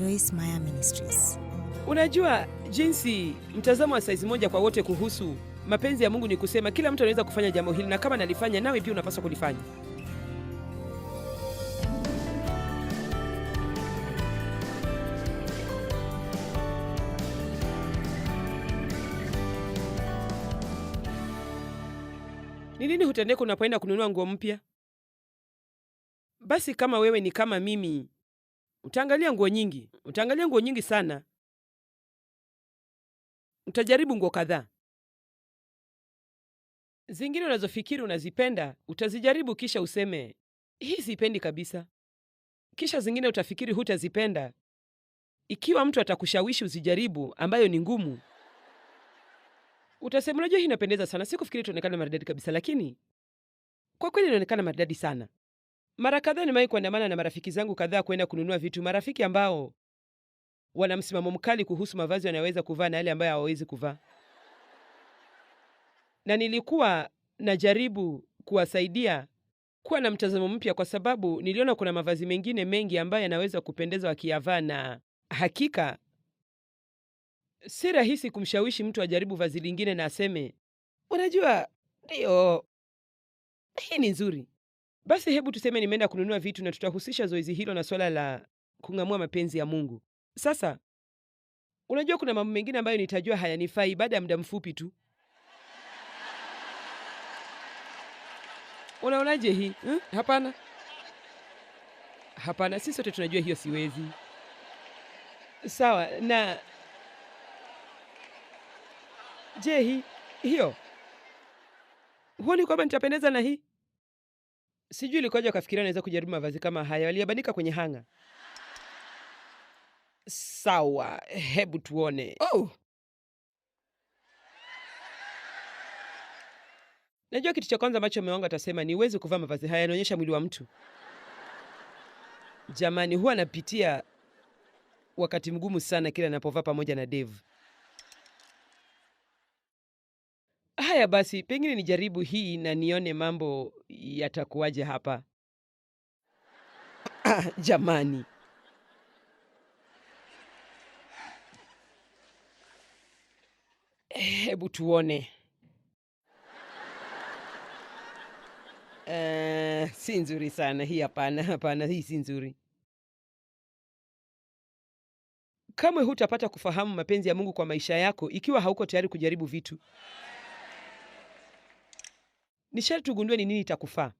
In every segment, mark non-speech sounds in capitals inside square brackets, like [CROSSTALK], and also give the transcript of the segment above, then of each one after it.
Joyce Meyer Ministries. Unajua jinsi mtazamo wa saizi moja kwa wote kuhusu mapenzi ya Mungu ni kusema kila mtu anaweza kufanya jambo hili, na kama nalifanya, nawe pia unapaswa kulifanya. Ni nini hutendeka unapoenda kununua nguo mpya? Basi kama wewe ni kama mimi Utaangalia nguo nyingi, utaangalia nguo nyingi sana. Utajaribu nguo kadhaa. Zingine unazofikiri unazipenda utazijaribu, kisha useme hii sipendi kabisa. Kisha zingine utafikiri hutazipenda. Ikiwa mtu atakushawishi uzijaribu ambayo ni ngumu, utasema unajua, hii inapendeza sana. Sikufikiri itaonekana maridadi kabisa, lakini kwa kweli inaonekana maridadi sana. Mara kadhaa nimewahi kuandamana na marafiki zangu kadhaa kwenda kununua vitu, marafiki ambao wana msimamo mkali kuhusu mavazi wanayoweza kuvaa na yale ambayo hawawezi kuvaa, na nilikuwa najaribu kuwasaidia kuwa na mtazamo mpya, kwa sababu niliona kuna mavazi mengine mengi ambayo yanaweza kupendeza wakiyavaa, na hakika si rahisi kumshawishi mtu ajaribu vazi lingine na aseme, unajua, ndiyo hii ni nzuri. Basi hebu tuseme nimeenda kununua vitu, na tutahusisha zoezi hilo na swala la kung'amua mapenzi ya Mungu. Sasa unajua, kuna mambo mengine ambayo nitajua hayanifai baada ya muda mfupi tu. Unaonaje hii hmm? Hapana, hapana, sisi sote tunajua hiyo siwezi. Sawa na je, hii hiyo, huoni kwamba nitapendeza na hii? Sijui ilikuwaje wakafikiria naweza kujaribu mavazi kama haya, waliyabanika kwenye hanga. Sawa, hebu tuone. Oh, najua kitu cha kwanza ambacho mume atasema ni uwezi kuvaa mavazi haya, yanaonyesha mwili wa mtu. Jamani, huwa anapitia wakati mgumu sana kila anapovaa pamoja na Dave. Haya basi, pengine nijaribu hii na nione mambo yatakuwaje hapa. Ah, [CLEARS THROAT] jamani, hebu tuone. Uh, si nzuri sana hii. Hapana, hapana, hii si nzuri. Kamwe hutapata kufahamu mapenzi ya Mungu kwa maisha yako ikiwa hauko tayari kujaribu vitu ni sharti ugundue ni nini itakufaa.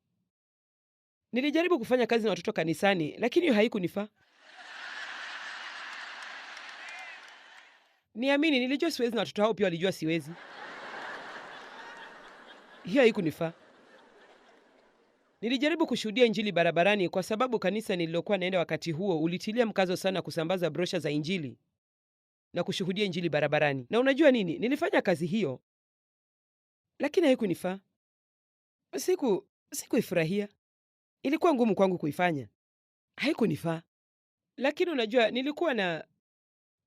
Nilijaribu kufanya kazi na watoto kanisani, lakini hiyo haikunifaa. Niamini, nilijua siwezi na watoto hao pia walijua siwezi. Hiyo haikunifaa. Nilijaribu kushuhudia Injili barabarani kwa sababu kanisa nililokuwa naenda wakati huo ulitilia mkazo sana kusambaza brosha za Injili na kushuhudia Injili barabarani. Na unajua nini? Nilifanya kazi hiyo, lakini haikunifaa. Siku sikuifurahia, ilikuwa ngumu kwangu kuifanya, haikunifaa. Lakini unajua, nilikuwa na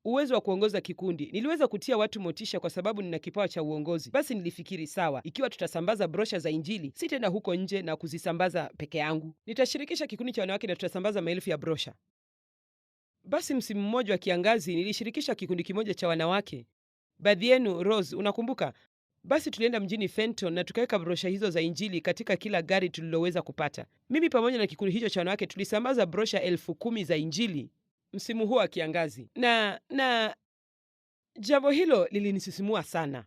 uwezo wa kuongoza kikundi, niliweza kutia watu motisha kwa sababu nina kipawa cha uongozi. Basi nilifikiri sawa, ikiwa tutasambaza brosha za Injili si tena huko nje na kuzisambaza peke yangu, nitashirikisha kikundi cha wanawake na tutasambaza maelfu ya brosha. Basi msimu mmoja wa kiangazi nilishirikisha kikundi kimoja cha wanawake. Baadhi yenu Rose, unakumbuka basi tulienda mjini Fenton na tukaweka brosha hizo za Injili katika kila gari tuliloweza kupata. Mimi pamoja na kikundi hicho cha wanawake tulisambaza brosha elfu kumi za Injili msimu huo wa kiangazi, na na jambo hilo lilinisisimua sana.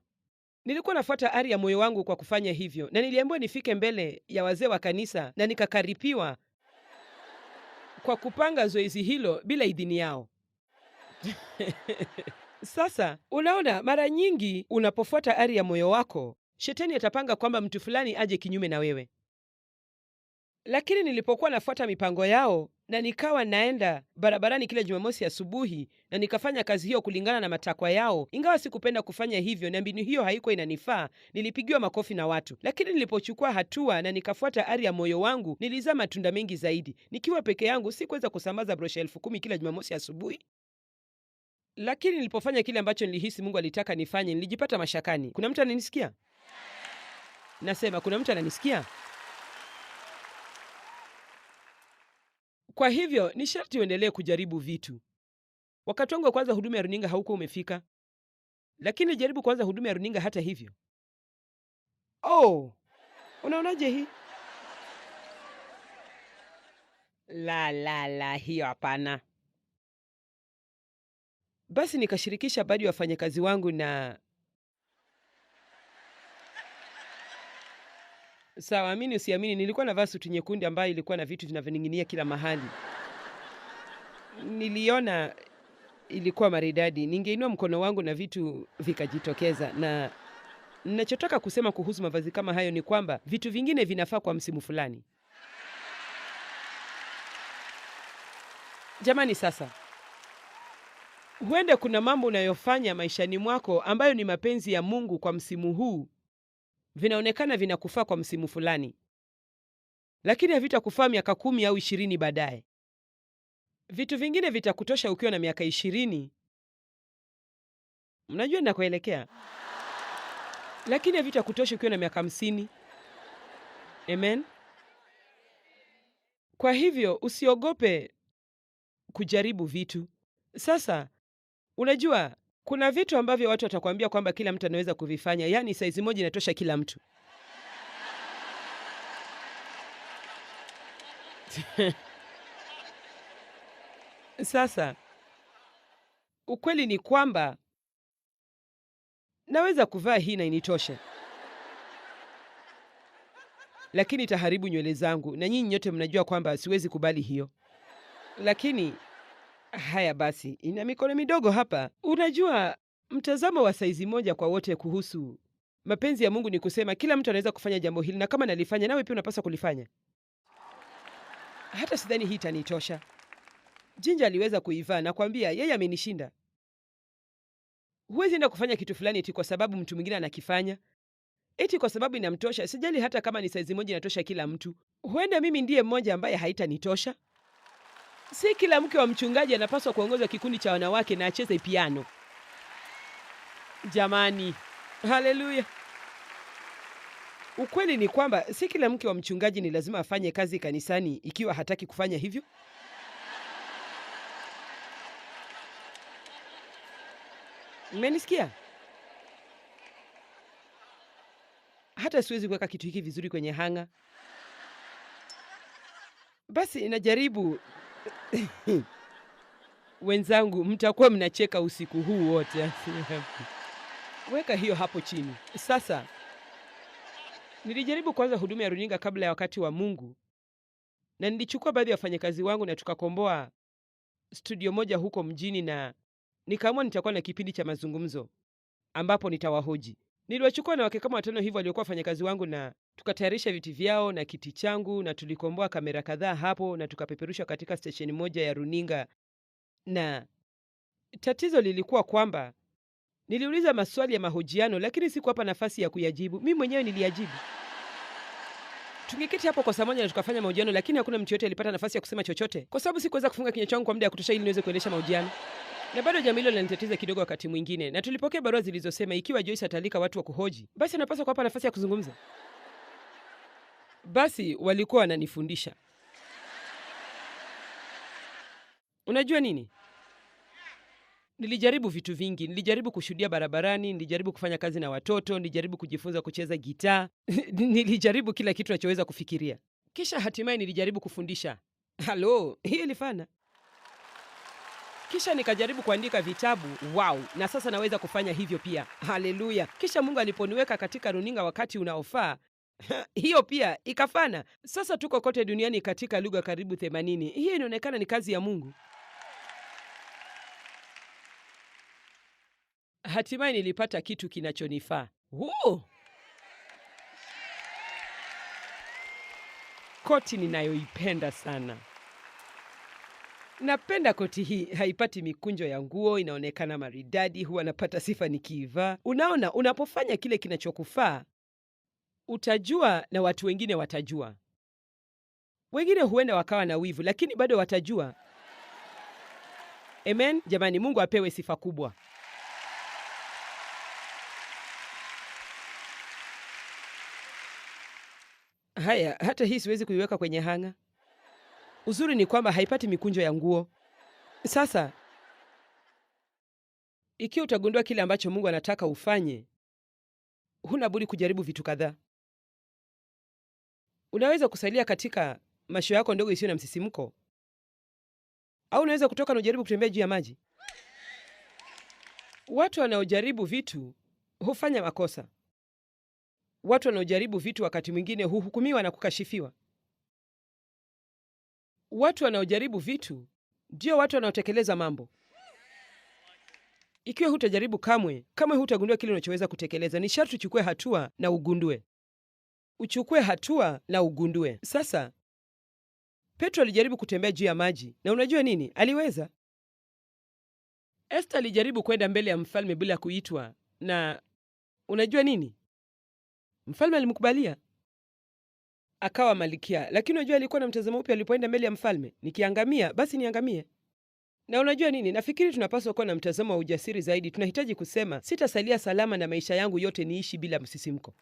Nilikuwa nafuata ari ya moyo wangu kwa kufanya hivyo, na niliambiwa nifike mbele ya wazee wa kanisa, na nikakaripiwa kwa kupanga zoezi hilo bila idhini yao. [LAUGHS] Sasa unaona, mara nyingi unapofuata ari ya moyo wako, shetani atapanga kwamba mtu fulani aje kinyume na wewe. Lakini nilipokuwa nafuata mipango yao na nikawa naenda barabarani kila Jumamosi asubuhi na nikafanya kazi hiyo kulingana na matakwa yao, ingawa sikupenda kufanya hivyo na mbinu hiyo haikuwa inanifaa, nilipigiwa makofi na watu. Lakini nilipochukua hatua na nikafuata ari ya moyo wangu, nilizaa matunda mengi zaidi. Nikiwa peke yangu, sikuweza kusambaza brosha elfu kumi kila Jumamosi asubuhi, lakini nilipofanya kile ambacho nilihisi Mungu alitaka nifanye, nilijipata mashakani. Kuna mtu ananisikia? Nasema kuna mtu ananisikia? Kwa hivyo ni sharti uendelee kujaribu vitu. Wakati wangu wa kwanza huduma ya runinga haukuwa umefika, lakini jaribu kuanza huduma ya runinga hata hivyo. Oh, unaonaje hii? La, la, la, hiyo hapana. Basi nikashirikisha baadhi ya wafanyakazi wangu na sawa, amini usiamini, nilikuwa navaa suti nyekundu ambayo ilikuwa na vitu vinavyoning'inia kila mahali. Niliona ilikuwa maridadi, ningeinua mkono wangu na vitu vikajitokeza. Na ninachotaka kusema kuhusu mavazi kama hayo ni kwamba vitu vingine vinafaa kwa msimu fulani. Jamani, sasa Huenda kuna mambo unayofanya maishani mwako ambayo ni mapenzi ya Mungu kwa msimu huu, vinaonekana vinakufaa kwa msimu fulani, lakini havitakufaa miaka kumi au ishirini baadaye. Vitu vingine vitakutosha ukiwa na miaka ishirini. Mnajua nakuelekea, lakini havitakutosha ukiwa na miaka hamsini. Amen. Kwa hivyo usiogope kujaribu vitu. Sasa Unajua kuna vitu ambavyo watu watakwambia kwamba kila mtu anaweza kuvifanya, yaani saizi moja inatosha kila mtu [LAUGHS] Sasa ukweli ni kwamba naweza kuvaa hii na initoshe, lakini itaharibu nywele zangu, na nyinyi nyote mnajua kwamba siwezi kubali hiyo, lakini Haya basi, ina mikono midogo hapa. Unajua, mtazamo wa saizi moja kwa wote kuhusu mapenzi ya Mungu ni kusema kila mtu anaweza kufanya jambo hili, na kama nalifanya, nawe pia unapaswa kulifanya. Hata sidhani hii itanitosha. Jinja aliweza kuivaa na kuambia yeye amenishinda. Huwezi enda kufanya kitu fulani eti kwa sababu mtu mwingine anakifanya, eti kwa sababu inamtosha. Sijali hata kama ni saizi moja inatosha kila mtu. Huenda mimi ndiye mmoja ambaye haitanitosha si kila mke wa mchungaji anapaswa kuongoza kikundi cha wanawake na acheze piano. Jamani, haleluya! Ukweli ni kwamba si kila mke wa mchungaji ni lazima afanye kazi kanisani ikiwa hataki kufanya hivyo. Mmenisikia? Hata siwezi kuweka kitu hiki vizuri kwenye hanga. Basi najaribu Wenzangu, mtakuwa mnacheka usiku huu wote. [LAUGHS] Weka hiyo hapo chini. Sasa nilijaribu kuanza huduma ya runinga kabla ya wakati wa Mungu, na nilichukua baadhi ya wafanyakazi wangu na tukakomboa studio moja huko mjini, na nikaamua nitakuwa na kipindi cha mazungumzo ambapo nitawahoji. Niliwachukua na wake kama watano hivyo waliokuwa wafanyakazi wangu na tukatayarisha viti vyao na kiti changu na tulikomboa kamera kadhaa hapo na tukapeperushwa katika stesheni moja ya runinga, na tatizo lilikuwa kwamba niliuliza maswali ya mahojiano, lakini sikuwapa nafasi ya kuyajibu. Mi mwenyewe niliyajibu. Tungeketi hapo kwa samoja na tukafanya mahojiano, lakini hakuna mtu yote alipata nafasi ya kusema chochote, kwa sababu sikuweza kufunga kinywa changu kwa muda ya kutosha ili niweze kuendesha mahojiano na bado jambo hilo linanitatiza kidogo wakati mwingine, na tulipokea barua zilizosema ikiwa Joyce atalika watu wa kuhoji, basi anapaswa kuwapa nafasi ya kuzungumza. Basi walikuwa wananifundisha. Unajua nini? Nilijaribu vitu vingi. Nilijaribu kushuhudia barabarani, nilijaribu kufanya kazi na watoto, nilijaribu kujifunza kucheza gitaa. [LAUGHS] Nilijaribu kila kitu nachoweza kufikiria, kisha hatimaye nilijaribu kufundisha. Halo, hii ilifana. Kisha nikajaribu kuandika vitabu. Wow, na sasa naweza kufanya hivyo pia. Haleluya! Kisha Mungu aliponiweka katika runinga wakati unaofaa, [LAUGHS] hiyo pia ikafana. Sasa tuko kote duniani katika lugha karibu themanini. Hiyo inaonekana ni kazi ya Mungu. Hatimaye nilipata kitu kinachonifaa. Koti ninayoipenda sana. Napenda koti hii, haipati mikunjo ya nguo, inaonekana maridadi, huwa napata sifa nikiivaa. Unaona, unapofanya kile kinachokufaa utajua na watu wengine watajua. Wengine huenda wakawa na wivu, lakini bado watajua. Amen jamani, Mungu apewe sifa kubwa. Haya, hata hii siwezi kuiweka kwenye hanga. Uzuri ni kwamba haipati mikunjo ya nguo. Sasa ikiwa utagundua kile ambacho Mungu anataka ufanye, huna budi kujaribu vitu kadhaa. Unaweza kusalia katika mashua yako ndogo isiyo na msisimko, au unaweza kutoka na ujaribu kutembea juu ya maji. Watu wanaojaribu vitu hufanya makosa. Watu wanaojaribu vitu wakati mwingine huhukumiwa na kukashifiwa. Watu wanaojaribu vitu ndio watu wanaotekeleza mambo. Ikiwa hutajaribu kamwe, kamwe hutagundua kile unachoweza kutekeleza. Ni sharti uchukue hatua na ugundue uchukue hatua na ugundue. Sasa Petro alijaribu kutembea juu ya maji, na unajua nini? Aliweza. Esta alijaribu kwenda mbele ya mfalme bila kuitwa, na unajua nini? Mfalme alimkubalia akawa malikia. Lakini unajua alikuwa na mtazamo upi alipoenda mbele ya mfalme? Nikiangamia basi niangamie. Na unajua nini, nafikiri tunapaswa kuwa na mtazamo wa ujasiri zaidi. Tunahitaji kusema sitasalia salama na maisha yangu yote niishi bila msisimko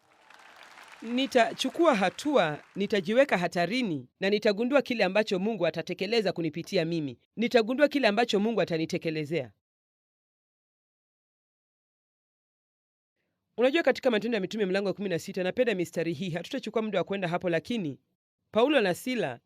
nitachukua hatua, nitajiweka hatarini na nitagundua kile ambacho Mungu atatekeleza kunipitia mimi. Nitagundua kile ambacho Mungu atanitekelezea. Unajua, katika Matendo ya Mitume mlango wa 16 napenda mistari hii, hatutachukua muda wa kwenda hapo, lakini Paulo na Sila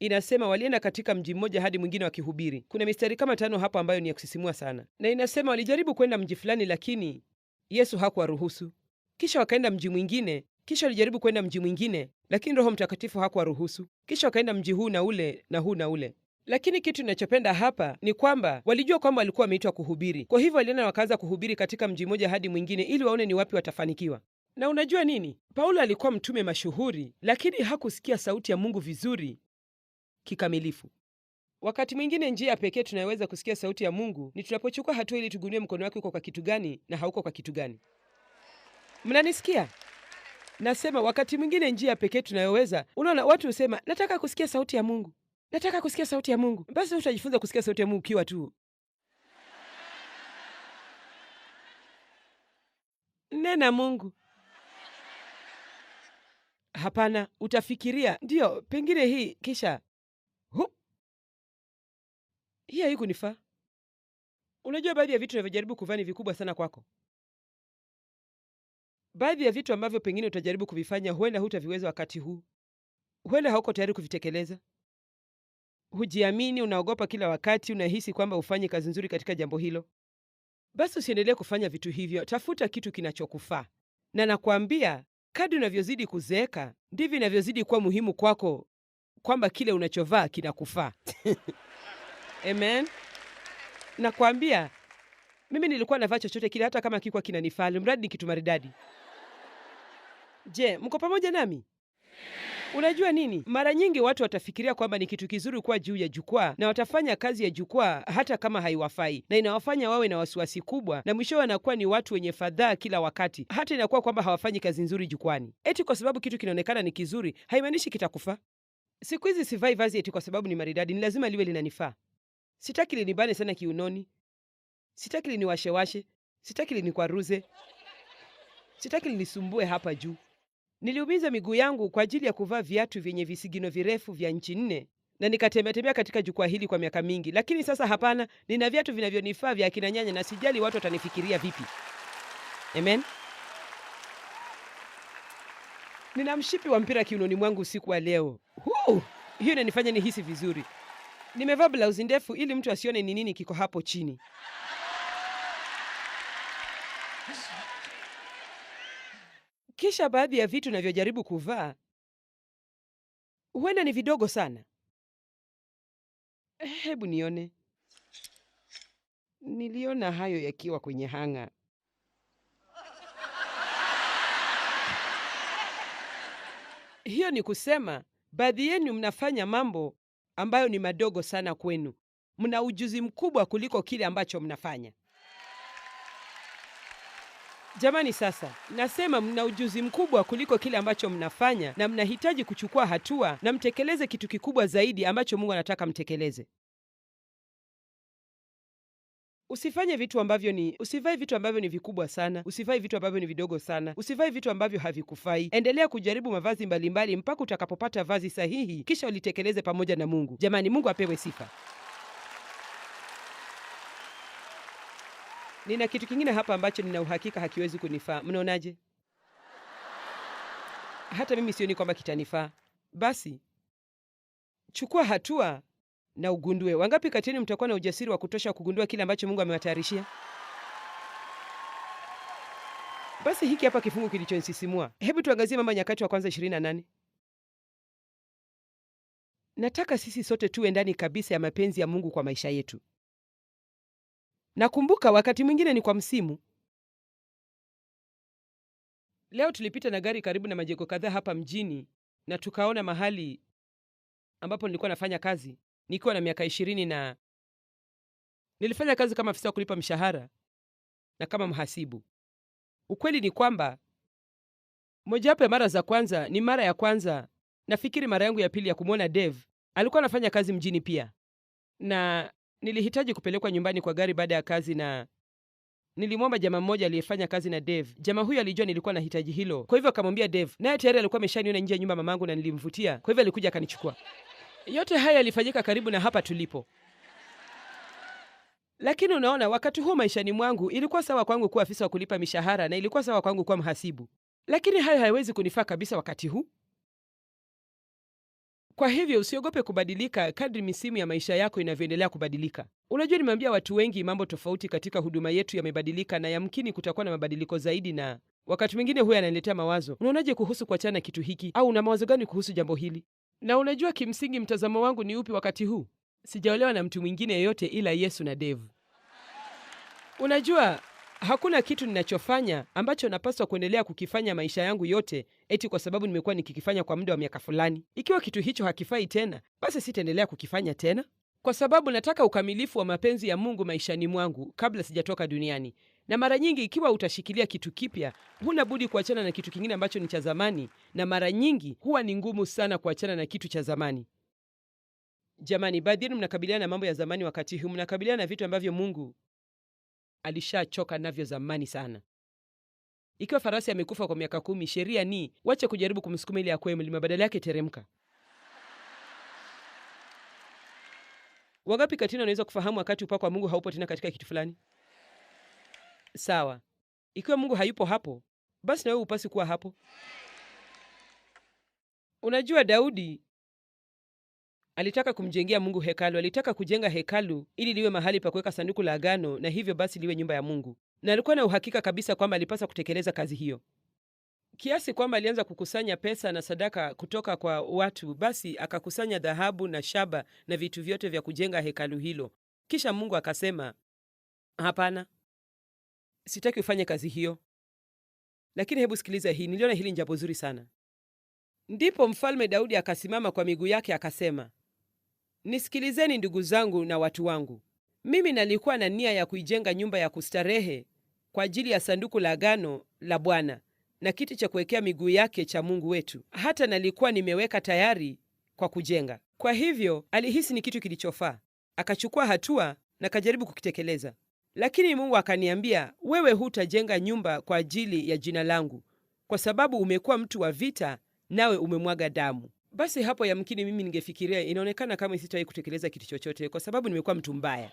inasema walienda katika mji mmoja hadi mwingine wakihubiri. Kuna mistari kama tano hapo ambayo ni ya kusisimua sana, na inasema walijaribu kwenda mji fulani, lakini Yesu hakuwaruhusu. Kisha wakaenda mji mwingine kisha alijaribu kwenda mji mwingine, lakini Roho Mtakatifu hakuwaruhusu. Kisha wakaenda mji huu na ule na huu na ule. Lakini kitu inachopenda hapa ni kwamba walijua kwamba walikuwa wameitwa kuhubiri. Kwa hivyo walienda wakaanza kuhubiri katika mji mmoja hadi mwingine, ili waone ni wapi watafanikiwa. Na unajua nini? Paulo alikuwa mtume mashuhuri, lakini hakusikia sauti ya Mungu vizuri kikamilifu. Wakati mwingine njia ya pekee tunayoweza kusikia sauti ya Mungu ni tunapochukua hatua ili tugundue mkono wake uko kwa kitu gani na hauko kwa kitu gani. Mnanisikia? Nasema wakati mwingine njia pekee tunayoweza, unaona, watu husema nataka kusikia sauti ya Mungu, nataka kusikia sauti ya Mungu. Basi utajifunza kusikia sauti ya Mungu ukiwa tu nena Mungu. Hapana, utafikiria ndiyo, pengine hii, kisha hu hii haikunifaa. Unajua, baadhi ya vitu navyojaribu kuvaa ni vikubwa sana kwako baadhi ya vitu ambavyo pengine utajaribu kuvifanya huenda hutaviweza wakati huu, huenda hauko tayari kuvitekeleza. Hujiamini, unaogopa kila wakati, unahisi kwamba ufanye kazi nzuri katika jambo hilo. Basi usiendelee kufanya vitu hivyo, tafuta kitu kinachokufaa. Na nakwambia, kadi unavyozidi kuzeeka ndivyo inavyozidi kuwa muhimu kwako kwamba kile unachovaa kinakufaa. [LAUGHS] Amen. Nakwambia mimi nilikuwa navaa chochote kile, hata kama kikwa kinanifali mradi ni kitu maridadi. Je, mko pamoja nami? Unajua nini, mara nyingi watu watafikiria kwamba ni kitu kizuri kuwa juu ya jukwaa na watafanya kazi ya jukwaa hata kama haiwafai, na inawafanya wawe na wasiwasi kubwa, na mwisho wanakuwa ni watu wenye fadhaa kila wakati, hata inakuwa kwamba hawafanyi kazi nzuri jukwani. Eti kwa sababu kitu kinaonekana ni kizuri haimaanishi kitakufa. Siku hizi sivai vazi eti kwa sababu ni maridadi, ni lazima liwe linanifaa. Sitaki linibane sana kiunoni, sitaki liniwashewashe, sitaki linikwaruze, sitaki linisumbue hapa juu. Niliumiza miguu yangu kwa ajili ya kuvaa viatu vyenye visigino virefu vya nchi nne na nikatembeatembea katika jukwaa hili kwa miaka mingi, lakini sasa hapana, nina viatu vinavyonifaa vya akina nyanya na sijali watu watanifikiria vipi. Amen. Nina mshipi wa mpira kiunoni mwangu usiku wa leo huu. Hiyo inanifanya nihisi vizuri. Nimevaa blauzi ndefu ili mtu asione ni nini kiko hapo chini. Kisha baadhi ya vitu navyojaribu kuvaa huenda ni vidogo sana. Eh, hebu nione. Niliona hayo yakiwa kwenye hanga. Hiyo ni kusema baadhi yenu mnafanya mambo ambayo ni madogo sana kwenu. Mna ujuzi mkubwa kuliko kile ambacho mnafanya. Jamani, sasa nasema mna ujuzi mkubwa kuliko kile ambacho mnafanya na mnahitaji kuchukua hatua na mtekeleze kitu kikubwa zaidi ambacho Mungu anataka mtekeleze. Usifanye vitu ambavyo ni usifai vitu ambavyo ni vikubwa sana, usivai vitu ambavyo ni vidogo sana, usivai vitu ambavyo havikufai. Endelea kujaribu mavazi mbalimbali mpaka utakapopata vazi sahihi, kisha ulitekeleze pamoja na Mungu. Jamani, Mungu apewe sifa. Nina kitu kingine hapa ambacho nina uhakika hakiwezi kunifaa. Mnaonaje? Hata mimi sioni kwamba kitanifaa. Basi chukua hatua na ugundue. Wangapi kati yenu mtakuwa na ujasiri wa kutosha kugundua kile ambacho Mungu amewatayarishia? Basi hiki hapa kifungu kilichonisisimua. Hebu tuangazie Mambo ya Nyakati wa Kwanza 28. Nataka sisi sote tuwe ndani kabisa ya mapenzi ya Mungu kwa maisha yetu. Nakumbuka wakati mwingine ni kwa msimu. Leo tulipita na gari karibu na majengo kadhaa hapa mjini na tukaona mahali ambapo nilikuwa nafanya kazi nikiwa na miaka ishirini na nilifanya kazi kama afisa wa kulipa mshahara na kama mhasibu. Ukweli ni kwamba mojawapo ya mara za kwanza ni mara ya kwanza, nafikiri mara yangu ya pili ya kumwona dev alikuwa anafanya kazi mjini pia, na nilihitaji kupelekwa nyumbani kwa gari baada ya kazi na nilimwomba jamaa mmoja aliyefanya kazi na dev Jamaa huyo alijua nilikuwa na hitaji hilo, kwa hivyo akamwambia dev naye tayari alikuwa ameshaniona nje ya nyumba mamangu na nilimvutia, kwa hivyo alikuja akanichukua. Yote haya yalifanyika karibu na hapa tulipo. Lakini unaona, wakati huo maishani mwangu ilikuwa sawa kwangu kuwa afisa wa kulipa mishahara na ilikuwa sawa kwangu kuwa mhasibu, lakini hayo haiwezi kunifaa kabisa wakati huu. Kwa hivyo usiogope kubadilika kadri misimu ya maisha yako inavyoendelea kubadilika. Unajua, nimeambia watu wengi mambo tofauti katika huduma yetu yamebadilika, na yamkini kutakuwa na mabadiliko zaidi, na wakati mwingine huyo ananiletea mawazo, unaonaje kuhusu kuachana kitu hiki, au una mawazo gani kuhusu jambo hili? Na unajua kimsingi mtazamo wangu ni upi wakati huu? Sijaolewa na mtu mwingine yeyote ila Yesu na Devu. Unajua Hakuna kitu ninachofanya ambacho napaswa kuendelea kukifanya maisha yangu yote eti kwa sababu nimekuwa nikikifanya kwa muda wa miaka fulani. Ikiwa kitu hicho hakifai tena, basi sitaendelea kukifanya tena, kwa sababu nataka ukamilifu wa mapenzi ya Mungu maishani mwangu kabla sijatoka duniani. Na mara nyingi, ikiwa utashikilia kitu kipya, huna budi kuachana na kitu kingine ambacho ni cha zamani, na mara nyingi huwa ni ngumu sana kuachana na kitu cha zamani. Jamani, baadhi yenu mnakabiliana na mambo ya zamani, wakati huu mnakabiliana na vitu ambavyo Mungu alishachoka navyo zamani sana. Ikiwa farasi amekufa kwa miaka kumi, sheria ni wache kujaribu kumsukuma ili akwe mlima, badala yake teremka. Wangapi katina wanaweza kufahamu wakati upako wa Mungu haupo tena katika kitu fulani? Sawa, ikiwa Mungu hayupo hapo, basi nawewe upasi kuwa hapo. Unajua Daudi Alitaka kumjengea Mungu hekalu. Alitaka kujenga hekalu ili liwe mahali pa kuweka sanduku la agano na hivyo basi liwe nyumba ya Mungu, na alikuwa na uhakika kabisa kwamba alipaswa kutekeleza kazi hiyo, kiasi kwamba alianza kukusanya pesa na sadaka kutoka kwa watu. Basi akakusanya dhahabu na shaba na vitu vyote vya kujenga hekalu hilo. Kisha Mungu akasema, hapana, sitaki ufanye kazi hiyo. Lakini hebu sikiliza hii, niliona hili ni zuri sana. Ndipo mfalme Daudi akasimama kwa miguu yake akasema, Nisikilizeni ndugu zangu na watu wangu, mimi nalikuwa na nia ya kuijenga nyumba ya kustarehe kwa ajili ya sanduku la agano la Bwana na kiti cha kuwekea miguu yake cha Mungu wetu, hata nalikuwa nimeweka tayari kwa kujenga. Kwa hivyo alihisi ni kitu kilichofaa, akachukua hatua na kajaribu kukitekeleza. Lakini Mungu akaniambia, wewe hutajenga nyumba kwa ajili ya jina langu, kwa sababu umekuwa mtu wa vita, nawe umemwaga damu basi hapo yamkini mimi ningefikiria inaonekana kama sitawahi kutekeleza kitu chochote kwa sababu nimekuwa mtu mbaya.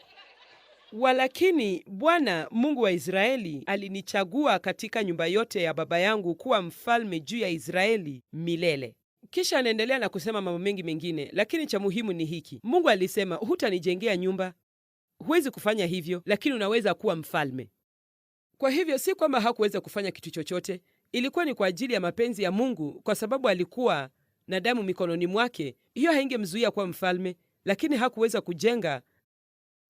Walakini Bwana Mungu wa Israeli alinichagua katika nyumba yote ya baba yangu kuwa mfalme juu ya Israeli milele. Kisha anaendelea na kusema mambo mengi mengine, lakini cha muhimu ni hiki: Mungu alisema, hutanijengea nyumba, huwezi kufanya hivyo, lakini unaweza kuwa mfalme. Kwa hivyo, si kwamba hakuweza kufanya kitu chochote, ilikuwa ni kwa ajili ya mapenzi ya Mungu, kwa sababu alikuwa na damu mikononi mwake, hiyo haingemzuia kuwa mfalme, lakini hakuweza kujenga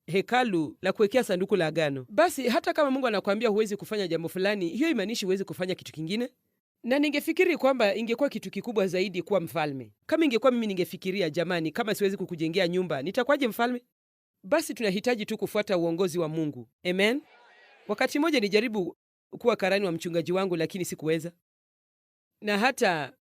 hekalu la kuwekea sanduku la agano. Basi hata kama Mungu anakuambia huwezi kufanya jambo fulani, hiyo imaanishi huwezi kufanya kitu kingine. Na ningefikiri kwamba ingekuwa kitu kikubwa zaidi kuwa mfalme. Kama ingekuwa mimi, ningefikiria jamani, kama siwezi kukujengea nyumba, nitakuwaje mfalme? Basi tunahitaji tu kufuata uongozi wa Mungu. Amen. Wakati mmoja nijaribu kuwa karani wa mchungaji wangu, lakini sikuweza, na hata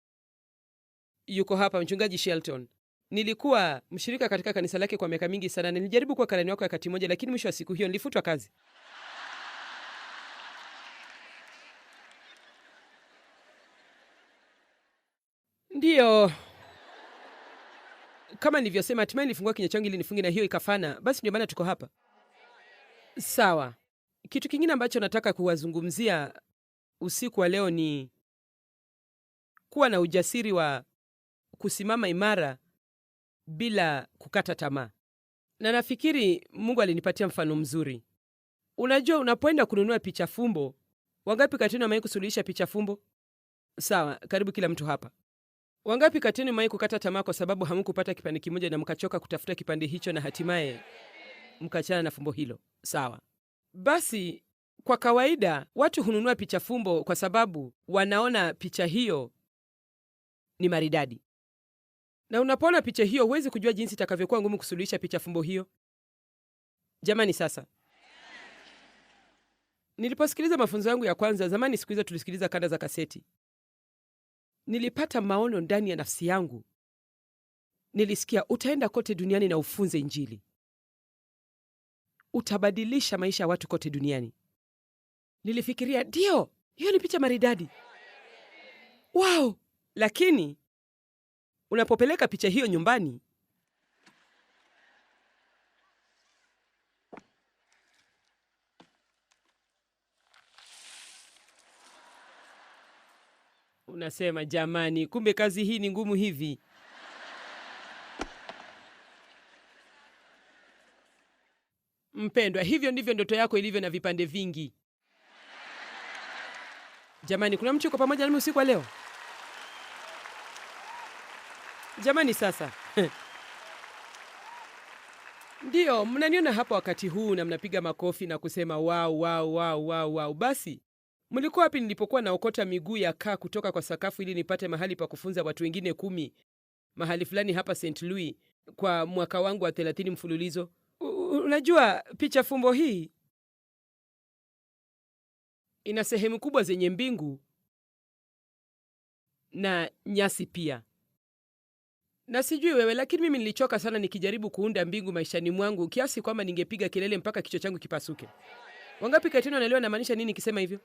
yuko hapa, mchungaji Shelton. Nilikuwa mshirika katika kanisa lake kwa miaka mingi sana. Nilijaribu kuwa karani wako wakati mmoja, lakini mwisho wa siku hiyo nilifutwa kazi. Ndiyo, kama nilivyosema, hatimaye nilifungua kinywa changu ili nifunge na hiyo ikafana. Basi ndio maana tuko hapa. Sawa. Kitu kingine ambacho nataka kuwazungumzia usiku wa leo ni kuwa na ujasiri wa kusimama imara bila kukata tamaa. Na nafikiri Mungu alinipatia mfano mzuri. Unajua, unapoenda kununua picha fumbo, wangapi katini wamewahi kusuluhisha picha fumbo? Sawa, karibu kila mtu hapa. Wangapi katini yenu kukata tamaa kwa sababu hamkupata kipande kimoja na mkachoka kutafuta kipande hicho na hatimaye mkachana na fumbo hilo? Sawa. Basi kwa kawaida watu hununua picha fumbo kwa sababu wanaona picha hiyo ni maridadi na unapoona picha hiyo huwezi kujua jinsi itakavyokuwa ngumu kusuluhisha picha fumbo hiyo. Jamani, sasa niliposikiliza mafunzo yangu ya kwanza zamani, siku hizo tulisikiliza kanda za kaseti, nilipata maono ndani ya nafsi yangu. Nilisikia, utaenda kote duniani na ufunze Injili, utabadilisha maisha ya watu kote duniani. Nilifikiria, ndiyo, hiyo ni picha maridadi, wow! Lakini unapopeleka picha hiyo nyumbani unasema jamani, kumbe kazi hii ni ngumu hivi. Mpendwa, hivyo ndivyo ndoto yako ilivyo na vipande vingi. Jamani, kuna mtu yuko pamoja nami usiku wa leo? Jamani sasa ndiyo mnaniona hapa wakati huu na mnapiga makofi na kusema wau wau wau wau wau. Basi mlikuwa wapi nilipokuwa naokota miguu ya kaa kutoka kwa sakafu ili nipate mahali pa kufunza watu wengine kumi mahali fulani hapa St Louis kwa mwaka wangu wa thelathini mfululizo? Unajua, picha fumbo hii ina sehemu kubwa zenye mbingu na nyasi pia na sijui wewe, lakini mimi nilichoka sana nikijaribu kuunda mbingu maishani mwangu kiasi kwamba ningepiga kelele mpaka kichwa changu kipasuke. Wangapi katini wanaelewa namaanisha nini nikisema hivyo?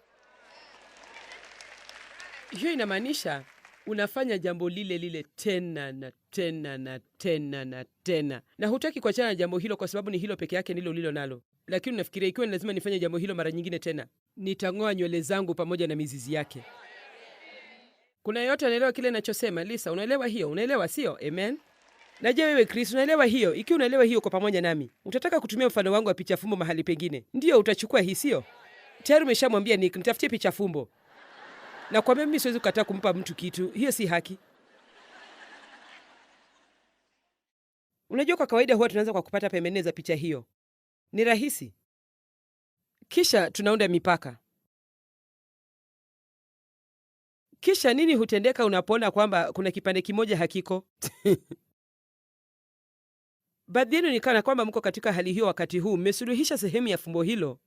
Hiyo inamaanisha unafanya jambo lile lile tena na tena na tena na tena, na hutaki kuachana na jambo hilo, kwa sababu ni hilo peke yake ndilo ulilo nalo. Lakini unafikiria ikiwa ni lazima nifanye jambo hilo mara nyingine tena, nitang'oa nywele zangu pamoja na mizizi yake. Kuna yeyote anaelewa kile ninachosema? Lisa, unaelewa hiyo? Unaelewa sio? Amen. naje wewe kris unaelewa hiyo? Ikiwa unaelewa hiyo, kwa pamoja nami utataka kutumia mfano wangu wa picha fumbo mahali pengine, ndiyo utachukua hii, sio? Tayari umeshamwambia nik nitafutie picha fumbo, na kwa mimi siwezi kukataa kumpa mtu kitu, hiyo si haki. Unajua, kwa kawaida huwa tunaanza kwa kupata pembeni za picha hiyo, ni rahisi, kisha tunaunda mipaka. Kisha nini hutendeka unapoona kwamba kuna kipande kimoja hakiko? [LAUGHS] Baadhi yenu nikana kwamba mko katika hali hiyo wakati huu, mmesuluhisha sehemu ya fumbo hilo,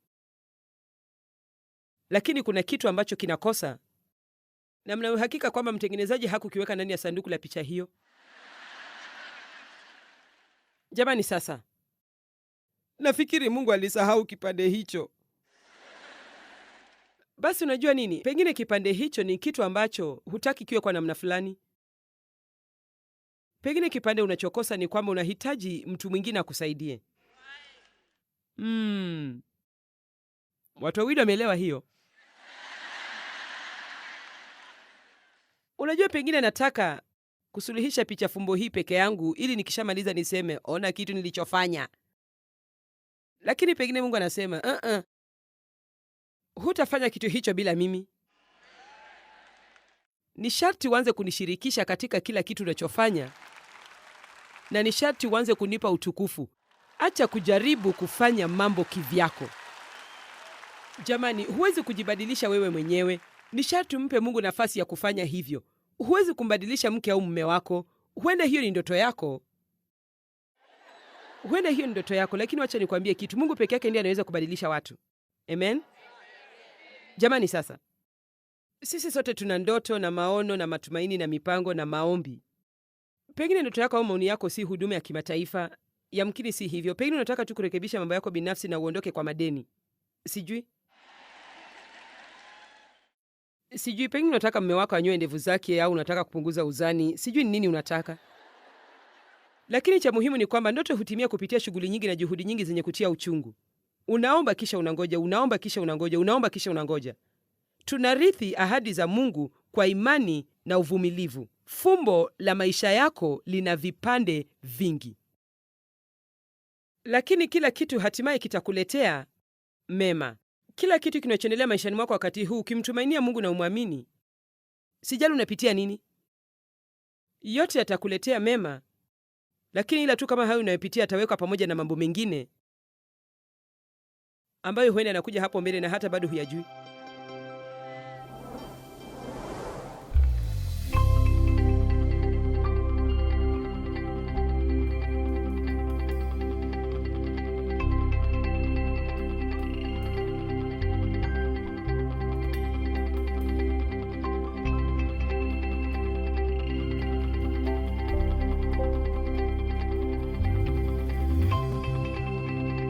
lakini kuna kitu ambacho kinakosa, na mna uhakika kwamba mtengenezaji hakukiweka ndani ya sanduku la picha hiyo. Jamani, sasa nafikiri Mungu alisahau kipande hicho. Basi unajua nini, pengine kipande hicho ni kitu ambacho hutaki kiwe kwa namna fulani. Pengine kipande unachokosa ni kwamba unahitaji mtu mwingine akusaidie. Mm. Watu wawili wameelewa hiyo. Unajua, pengine nataka kusuluhisha picha fumbo hii peke yangu, ili nikishamaliza niseme ona kitu nilichofanya, lakini pengine Mungu anasema uh -uh hutafanya kitu hicho bila mimi. Ni sharti uanze kunishirikisha katika kila kitu unachofanya, na ni sharti uanze kunipa utukufu. Acha kujaribu kufanya mambo kivyako. Jamani, huwezi kujibadilisha wewe mwenyewe. Ni sharti mpe Mungu nafasi ya kufanya hivyo. Huwezi kumbadilisha mke au mume wako. Huenda hiyo ni ndoto yako, huenda hiyo ni ndoto yako, lakini wacha nikwambie kitu, Mungu peke yake ndiye anaweza kubadilisha watu. Amen. Jamani, sasa sisi sote tuna ndoto na maono na matumaini na mipango na maombi. Pengine ndoto yako au maoni yako si huduma ya kimataifa, yamkini si hivyo. Pengine unataka tu kurekebisha mambo yako binafsi na uondoke kwa madeni, sijui sijui. Pengine unataka mme wako anyoe ndevu zake, au unataka kupunguza uzani, sijui ni nini unataka. Lakini cha muhimu ni kwamba ndoto hutimia kupitia shughuli nyingi na juhudi nyingi zenye kutia uchungu unaomba kisha unangoja, unaomba kisha unangoja, unaomba kisha unangoja. Tunarithi ahadi za Mungu kwa imani na uvumilivu. Fumbo la maisha yako lina vipande vingi, lakini kila kitu hatimaye kitakuletea mema. Kila kitu kinachoendelea maishani mwako wakati huu, ukimtumainia Mungu na umwamini, sijali unapitia nini, yote yatakuletea mema, lakini ila tu kama hayo unayopitia atawekwa pamoja na mambo mengine ambayo huenda yanakuja hapo mbele na hata bado huyajui.